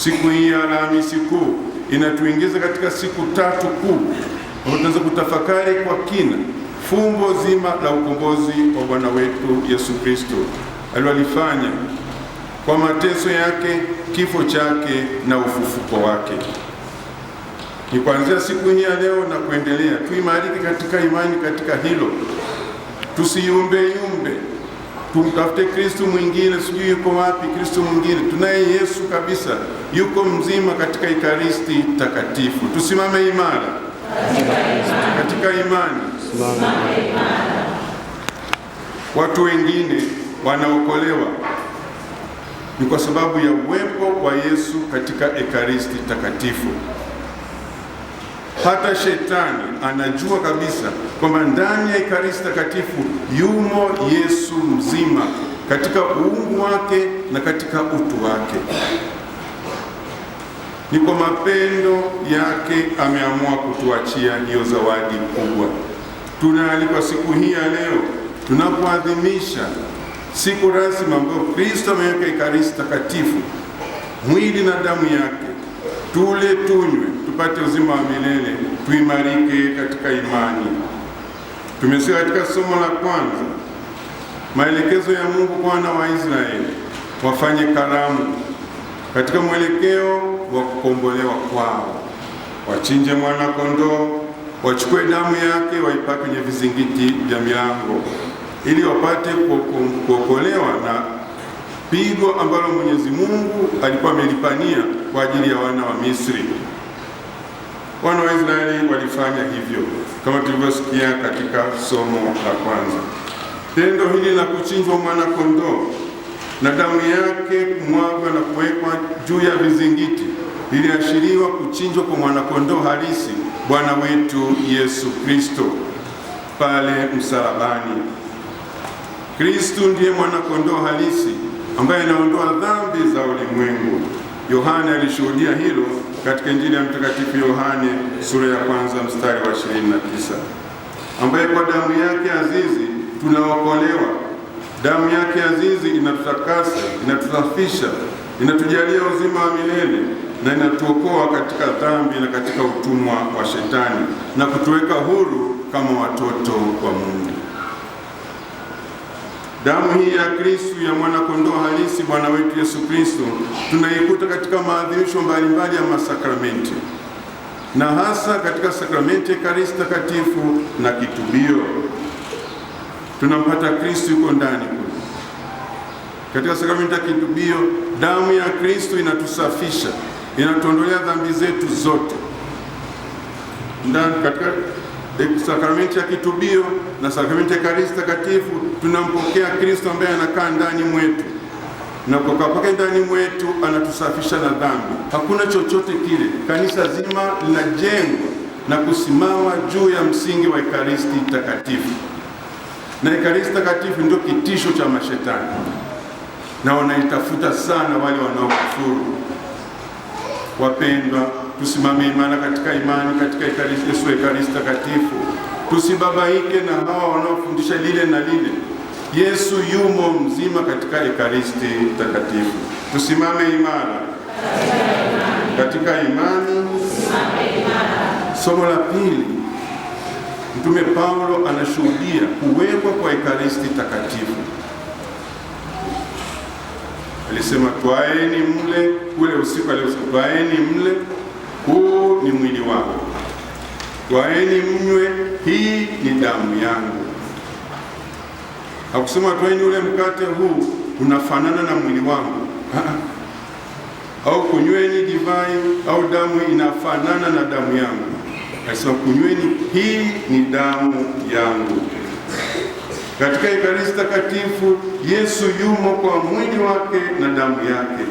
Siku hii ya Alhamisi Kuu inatuingiza katika siku tatu kuu, tunaweza kutafakari kwa kina fumbo zima la ukombozi wa Bwana wetu Yesu Kristo alilolifanya kwa mateso yake, kifo chake na ufufuko wake. Ni kuanzia siku hii ya leo na kuendelea tuimarike katika imani, katika hilo tusiyumbeyumbe tumtafute Kristo mwingine, sijui yuko wapi Kristo mwingine. Tunaye Yesu kabisa, yuko mzima katika Ekaristi Takatifu. Tusimame imara katika, katika imani. Watu wengine wanaokolewa ni kwa sababu ya uwepo wa Yesu katika Ekaristi Takatifu. Hata shetani anajua kabisa kwamba ndani ya Ekaristi Takatifu yumo Yesu mzima katika uungu wake na katika utu wake. Ni kwa mapendo yake ameamua kutuachia hiyo zawadi kubwa. Tunaalikwa siku hii ya leo tunapoadhimisha siku rasmi ambayo Kristo ameweka Ekaristi Takatifu, mwili na damu yake, tule tunywe tupate uzima wa milele, tuimarike katika imani. Tumesikia katika somo la kwanza maelekezo ya Mungu kwa wana wa Israeli wafanye karamu katika mwelekeo wa kukombolewa kwao, wachinje mwana kondoo, wachukue damu yake waipake kwenye vizingiti vya milango ili wapate kuokolewa na pigo ambalo Mwenyezi Mungu alikuwa amelipania kwa ajili ya wana wa Misri. Wana wa Israeli walifanya hivyo kama tulivyosikia katika somo la kwanza. Tendo hili la kuchinjwa mwanakondoo na damu yake kumwagwa na kuwekwa juu ya vizingiti iliashiriwa kuchinjwa kwa mwanakondoo halisi Bwana wetu Yesu Kristo pale msalabani. Kristo ndiye mwanakondoo halisi ambaye anaondoa dhambi za ulimwengu. Yohana alishuhudia hilo katika Injili ya Mtakatifu Yohane sura ya kwanza mstari wa 29, ambaye kwa damu yake azizi tunaokolewa. Damu yake azizi inatutakasa, inatusafisha, inatujalia uzima wa milele na inatuokoa katika dhambi na katika utumwa wa Shetani na kutuweka huru kama watoto wa Mungu. Damu hii ya Kristu ya kondoo halisi Bwana wetu Yesu Kristu tunaikuta katika maadhimisho mbalimbali ya masakramenti na hasa katika sakramenti Ekaristi Takatifu na kitubio. Tunampata Kristu yuko ndani kule. Katika sakramenti ya kitubio, damu ya Kristu inatusafisha, inatuondolea dhambi zetu zote ndani katika sakramenti ya kitubio na sakramenti ya karisi Takatifu tunampokea Kristo ambaye anakaa ndani mwetu, na kwa kwake ndani mwetu anatusafisha na dhambi. Hakuna chochote kile, kanisa zima linajengwa na kusimama juu ya msingi wa Ekaristi Takatifu, na Ekaristi Takatifu ndio kitisho cha mashetani, na wanaitafuta sana wale wanaokufuru. Wapendwa tusimame imara katika imani katika Yesu Ekaristi Takatifu, tusibabaike na hawa wanaofundisha lile na lile. Yesu yumo mzima katika Ekaristi Takatifu. Tusimame imara katika imani. Somo la pili, Mtume Paulo anashuhudia kuwekwa kwa Ekaristi Takatifu. Alisema twaeni mle ule usiku, alisema twaeni mle huu ni mwili wangu, twaeni mnywe, hii ni damu yangu. Hakusema twaeni ule mkate huu unafanana na mwili wangu au kunyweni divai au damu inafanana na damu yangu. Alisema kunyweni, hii ni damu yangu. Katika Ekaristi Takatifu Yesu yumo kwa mwili wake na damu yake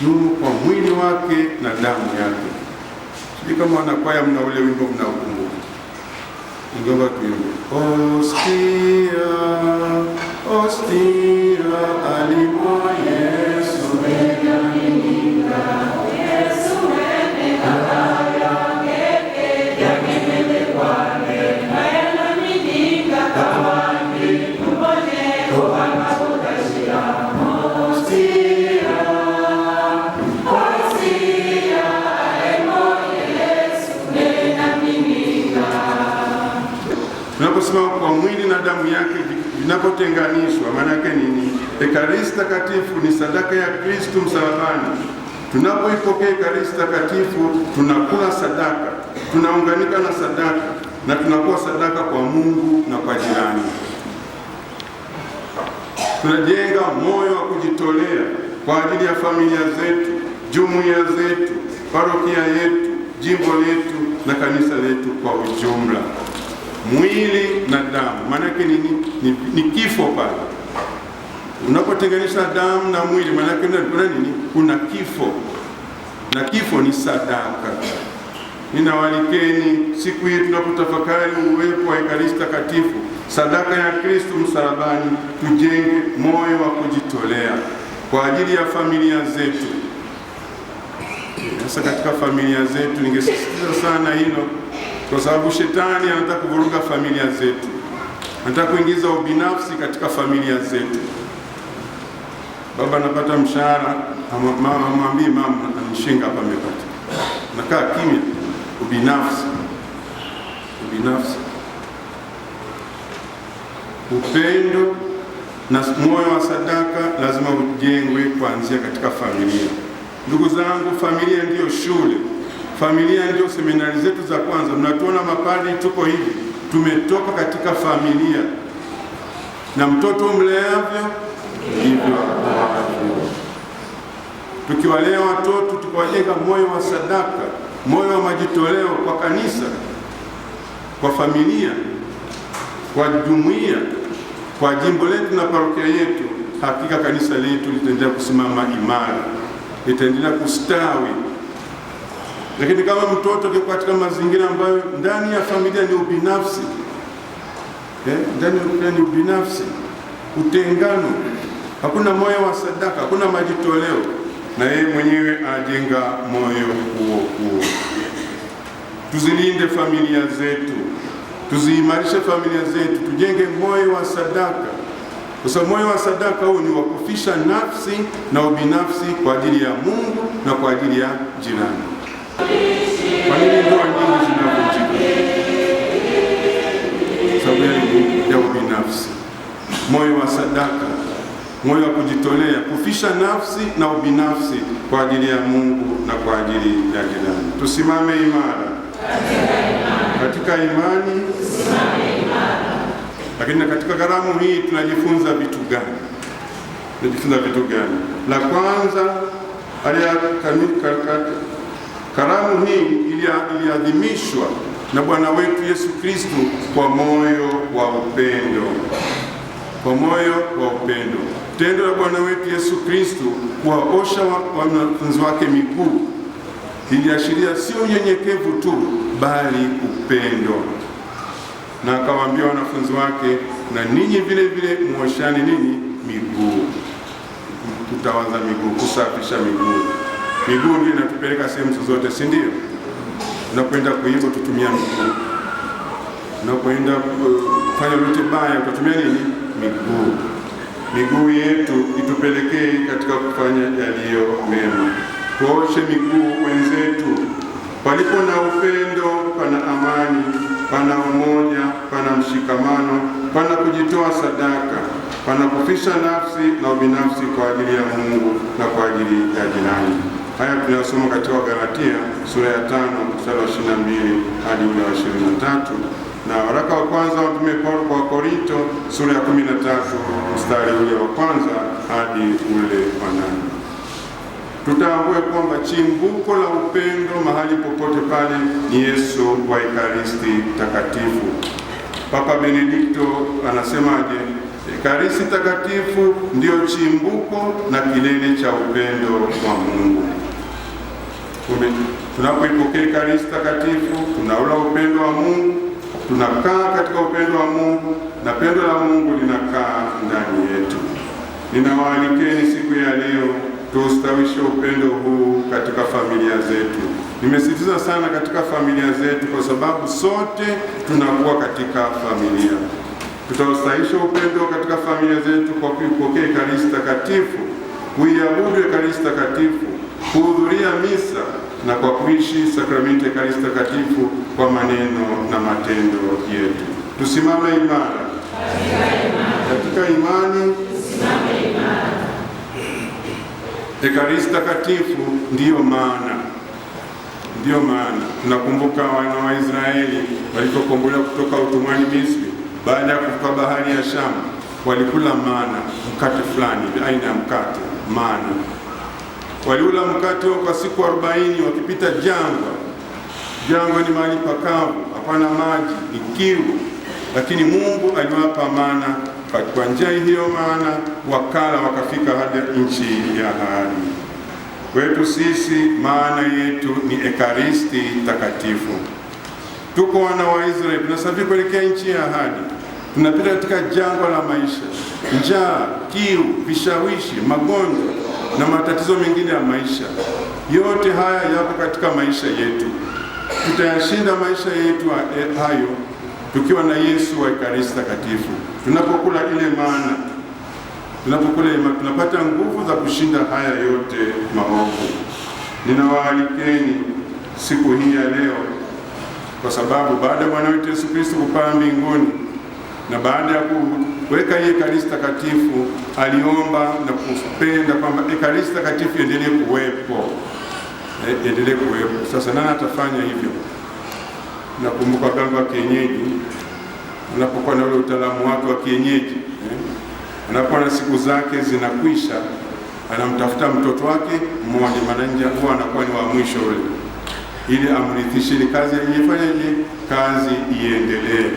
juu kwa mwili wake na damu yake. Sijui kama wanakwaya mna ule wimbo mnaukumbuka, ingeomba tuimbe. Ostia, ostia alimwaye yake vinapotenganishwa. Maana yake nini? Ekaristi takatifu ni sadaka ya Kristu msalabani. Tunapoipokea Ekaristi takatifu, tunakula sadaka, tunaunganika na sadaka na tunakuwa sadaka kwa Mungu na kwa jirani. Tunajenga moyo wa kujitolea kwa ajili ya familia zetu, jumuiya zetu, parokia yetu, jimbo letu na kanisa letu kwa ujumla mwili na damu. Maanake ni, ni, ni kifo pale unapotenganisha damu na mwili, maanake kuna nini? Kuna kifo, na kifo ni sadaka. Ninawalikeni siku hii tunapotafakari uwepo wa Ekaristi Takatifu, sadaka ya Kristu msalabani, tujenge moyo wa kujitolea kwa ajili ya familia zetu. Sasa katika familia zetu, ningesisitiza sana hilo kwa sababu shetani anataka kuvuruga familia zetu, anataka kuingiza ubinafsi katika familia zetu. Baba anapata mshahara, mama mwambie mama anishinga hapa, amepata nakaa kimya. Ubinafsi, ubinafsi, upendo na moyo wa sadaka lazima ujengwe kuanzia katika familia. Ndugu zangu, familia ndiyo shule Familia ndio seminari zetu za kwanza. Mnatuona mapadri tuko hivi, tumetoka katika familia, na mtoto mleavyo hivyo. Tukiwalea watoto tukiwajenga moyo wa sadaka, moyo wa majitoleo kwa kanisa, kwa familia, kwa jumuiya, kwa jimbo letu na parokia yetu, hakika kanisa letu litaendelea kusimama imara, litaendelea kustawi lakini kama mtoto yuko katika mazingira ambayo ndani ya familia ni ubinafsi eh, ndani ya familia ni ubinafsi, utengano, hakuna moyo wa sadaka, hakuna majitoleo, na yeye mwenyewe ajenga moyo huo huo. Tuzilinde familia zetu, tuziimarishe familia zetu, tujenge moyo wa sadaka, kwa sababu moyo wa sadaka huu ni wakufisha nafsi na ubinafsi kwa ajili ya Mungu na kwa ajili ya jirani moyo wa sadaka, moyo wa kujitolea, kufisha nafsi na ubinafsi kwa ajili ya Mungu na kwa ajili ya jirani. Tusimame imara katika imani, lakini katika karamu hii tunajifunza vitu gani? Tunajifunza vitu gani? La kwanza aliya Karamu hii iliadhimishwa na Bwana wetu Yesu Kristo kwa moyo wa upendo, kwa moyo wa upendo. Tendo la Bwana wetu Yesu Kristo kuwaosha wanafunzi wake miguu iliashiria sio unyenyekevu tu, bali upendo, na akawaambia wanafunzi wake, na ninyi vile vile muoshane nini miguu, kutawaza miguu, kusafisha miguu Miguu ndio inatupeleka sehemu zozote, si ndio? Unakwenda kuiba utatumia miguu, unakwenda kufanya lolote baya utatumia nini? Miguu. Miguu yetu itupelekee katika kufanya yaliyo mema. Tuoshe miguu wenzetu. Palipo na upendo, pana amani, pana umoja, pana mshikamano, pana kujitoa sadaka, pana kufisha nafsi na ubinafsi kwa ajili ya Mungu na kwa ajili ya jirani. Haya tunayosoma katika Wagalatia sura ya tano mstari wa 22 hadi ule wa 23 na waraka wa kwanza wa Mtume Paulo kwa Korinto sura ya 13 mstari ule wa kwanza hadi ule wa nane. Tutambue kwamba chimbuko la upendo mahali popote pale ni Yesu wa Ekaristi Takatifu. Papa Benedikto anasemaje? Ekaristi Takatifu ndiyo chimbuko na kilele cha upendo wa Mungu tunapoipokea Ekaristi Takatifu tunaula upendo wa Mungu, tunakaa katika upendo wa Mungu na pendo la Mungu linakaa ndani yetu. Ninawaalikeni siku ya leo tuustawishe upendo huu katika familia zetu. Nimesitiza sana katika familia zetu, kwa sababu sote tunakuwa katika familia. Tutaustawisha upendo katika familia zetu kwa kuipokea Ekaristi Takatifu, kuiabudu Ekaristi Takatifu kuhudhuria misa na kwa kuishi sakramenti ya Ekaristi Takatifu kwa maneno na matendo yetu. Tusimame imara katika imani. Ekaristi Takatifu ndiyo maana, ndiyo maana tunakumbuka wana wa Israeli walipokombolewa kutoka utumwani Misri, baada ya kuvuka bahari ya Shamu walikula mana, mkate fulani, aina ya mkate mana Waliula mkate wao kwa siku 40 wakipita jangwa. Jangwa ni mahali pakavu, hapana maji, ni kiu, lakini Mungu aliwapa mana kwa njia hiyo, maana wakala wakafika hadi nchi ya ahadi. Kwetu sisi maana yetu ni Ekaristi Takatifu. Tuko wana wa Israeli, tunasafiri kuelekea nchi ya ahadi. Tunapita katika jangwa la maisha, njaa, kiu, vishawishi, magonjwa na matatizo mengine ya maisha. Yote haya yako katika maisha yetu, tutayashinda maisha yetu eh, hayo tukiwa na Yesu wa Ekaristi Takatifu. Tunapokula ile maana, tunapokula ile maana, tunapata nguvu za kushinda haya yote maovu. Ninawaalikeni siku hii ya leo, kwa sababu baada ya Bwana wetu Yesu Kristo kupaa mbinguni na baada ya kuweka hii Ekaristi Takatifu, aliomba na kupenda kwamba Ekaristi Takatifu iendelee kuwepo, eh, endelee kuwepo. Sasa nani atafanya hivyo? Nakumbuka waganga wa kienyeji unapokuwa na ule utaalamu wake wa kienyeji anapokuwa eh, na siku zake zinakwisha, anamtafuta mtoto wake mmoja, maana nje huwa anakuwa ni wa mwisho ule, ili amrithishe ile kazi aliyefanya, ile kazi iendelee,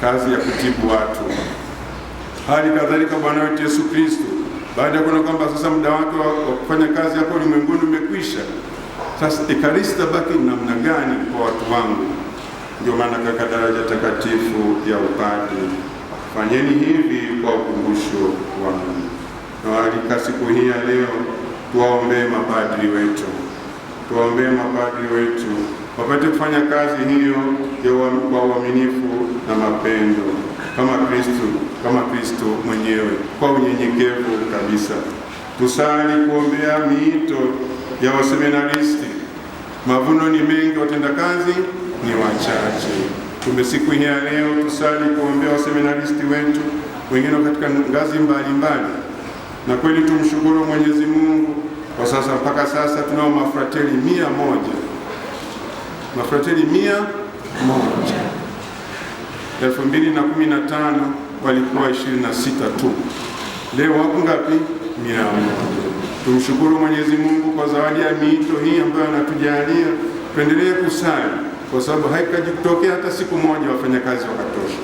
kazi ya kutibu watu Hali kadhalika Bwana wetu Yesu Kristo, baada ya kuona kwamba sasa muda wake wa kufanya kazi hapa ulimwenguni umekwisha, sasa ekaristi tabaki namna gani kwa watu wangu? Ndio maana kaka daraja takatifu ya upadre, fanyeni hivi kwa ukumbusho wangu. Nawaalika siku hii ya leo, tuwaombee mapadri wetu, tuwaombee mapadri wetu wapate kufanya kazi hiyo kwa uaminifu na mapendo kama Kristo kama Kristo mwenyewe kwa unyenyekevu kabisa. Tusali kuombea miito ya waseminaristi. Mavuno ni mengi, watendakazi ni wachache. Kumbe siku hii ya leo tusali kuombea waseminaristi wetu, wengine katika ngazi mbalimbali, na kweli tumshukuru Mwenyezi Mungu kwa sasa, mpaka sasa tunao mafrateli mia moja mafrateli mia moja 2015 walikuwa 26 tu, leo wako ngapi? Mia moja. Tumshukuru Mwenyezi Mungu kwa zawadi ya miito hii ambayo anatujalia. Tuendelee kusali kwa sababu kutokea hata siku moja wafanyakazi wakatosha,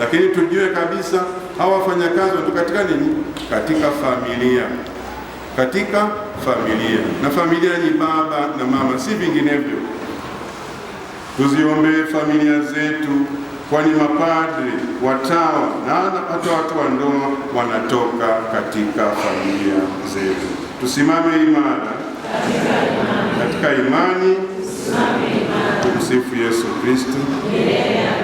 lakini tujue kabisa hawa wafanyakazi watu katika nini? Katika familia, katika familia, na familia ni baba na mama, si vinginevyo. Tuziombee familia zetu kwani mapadri, watawa na hata watu wa ndoa wanatoka katika familia zetu. Tusimame imara katika imani. Tumsifu Yesu Kristo.